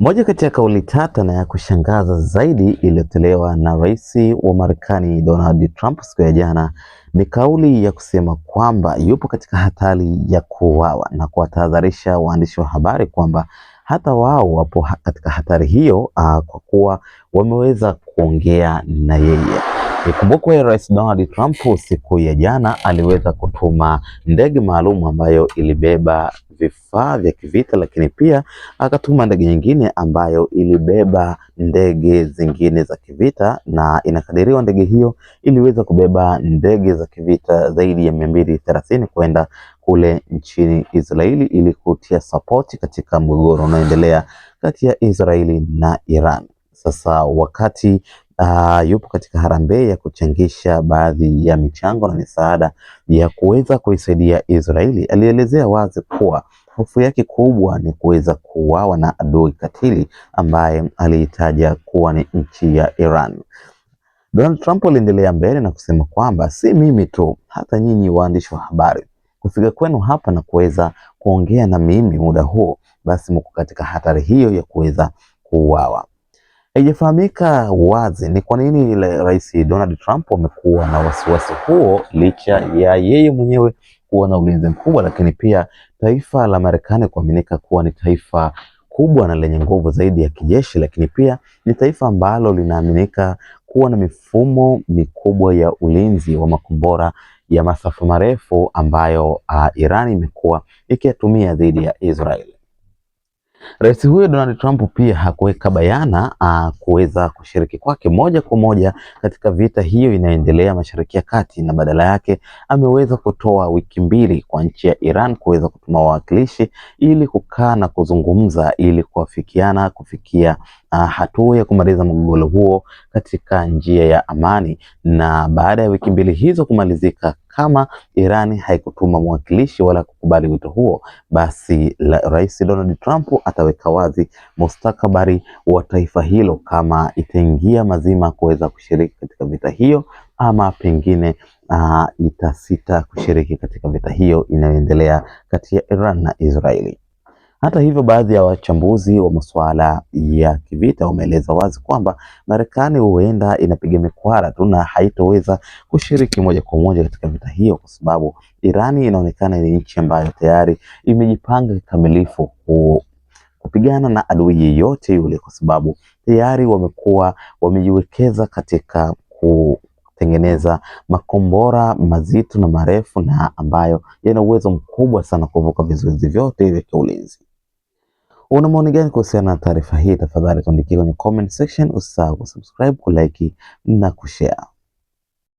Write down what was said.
Moja kati ya kauli tata na ya kushangaza zaidi iliyotolewa na Rais wa Marekani Donald Trump siku ya jana ni kauli ya kusema kwamba yupo katika hatari ya kuuawa na kuwatahadharisha waandishi wa habari kwamba hata wao wapo katika hatari hiyo, uh, kwa kuwa wameweza kuongea na yeye. Ikumbukwe Rais Donald Trump siku ya jana aliweza kutuma ndege maalum ambayo ilibeba vifaa vya kivita, lakini pia akatuma ndege nyingine ambayo ilibeba ndege zingine za kivita, na inakadiriwa ndege hiyo iliweza kubeba ndege za kivita zaidi ya mia mbili thelathini kwenda kule nchini Israeli ili kutia sapoti katika mgogoro unaoendelea kati ya Israeli na Iran. Sasa wakati uh, yupo katika harambee ya kuchangisha baadhi ya michango na misaada ya kuweza kuisaidia Israeli. Alielezea wazi kuwa hofu yake kubwa ni kuweza kuuawa na adui katili ambaye aliitaja kuwa ni nchi ya Iran. Donald Trump aliendelea mbele na kusema kwamba si mimi tu, hata nyinyi waandishi wa habari kufika kwenu hapa na kuweza kuongea na mimi muda huo, basi mko katika hatari hiyo ya kuweza kuuawa. Haijafahamika wazi ni kwa nini Rais Donald Trump amekuwa na wasiwasi huo licha ya yeye mwenyewe kuwa na ulinzi mkubwa, lakini pia taifa la Marekani kuaminika kuwa ni taifa kubwa na lenye nguvu zaidi ya kijeshi, lakini pia ni taifa ambalo linaaminika kuwa na mifumo mikubwa ya ulinzi wa makombora ya masafa marefu ambayo uh, Iran imekuwa ikiyatumia dhidi ya Israel. Rais huyo Donald Trump pia hakuweka bayana ah, kuweza kushiriki kwake moja kwa moja katika vita hiyo inayoendelea Mashariki ya Kati, na badala yake ameweza kutoa wiki mbili kwa nchi ya Iran kuweza kutuma wawakilishi ili kukaa na kuzungumza ili kuafikiana kufikia hatua ya kumaliza mgogoro huo katika njia ya amani. Na baada ya wiki mbili hizo kumalizika, kama Irani haikutuma mwakilishi wala kukubali wito huo, basi la, Rais Donald Trump ataweka wazi mustakabali wa taifa hilo kama itaingia mazima kuweza kushiriki katika vita hiyo ama pengine uh, itasita kushiriki katika vita hiyo inayoendelea kati ya Iran na Israeli. Hata hivyo, baadhi ya wachambuzi wa masuala ya kivita wameeleza wazi kwamba Marekani huenda inapiga mikwara tu na haitoweza kushiriki moja kwa moja katika vita hiyo, kwa sababu Irani inaonekana ni nchi ambayo tayari imejipanga kikamilifu kupigana na adui yeyote yule, kwa sababu tayari wamekuwa wamejiwekeza katika ku tengeneza makombora mazito na marefu na ambayo yana uwezo mkubwa sana kuvuka vizuizi vyote vya kiulinzi. Una maoni gani kuhusiana na taarifa hii? Tafadhali tuandikie kwenye comment section. Usisahau kusubscribe, kulike na kushare.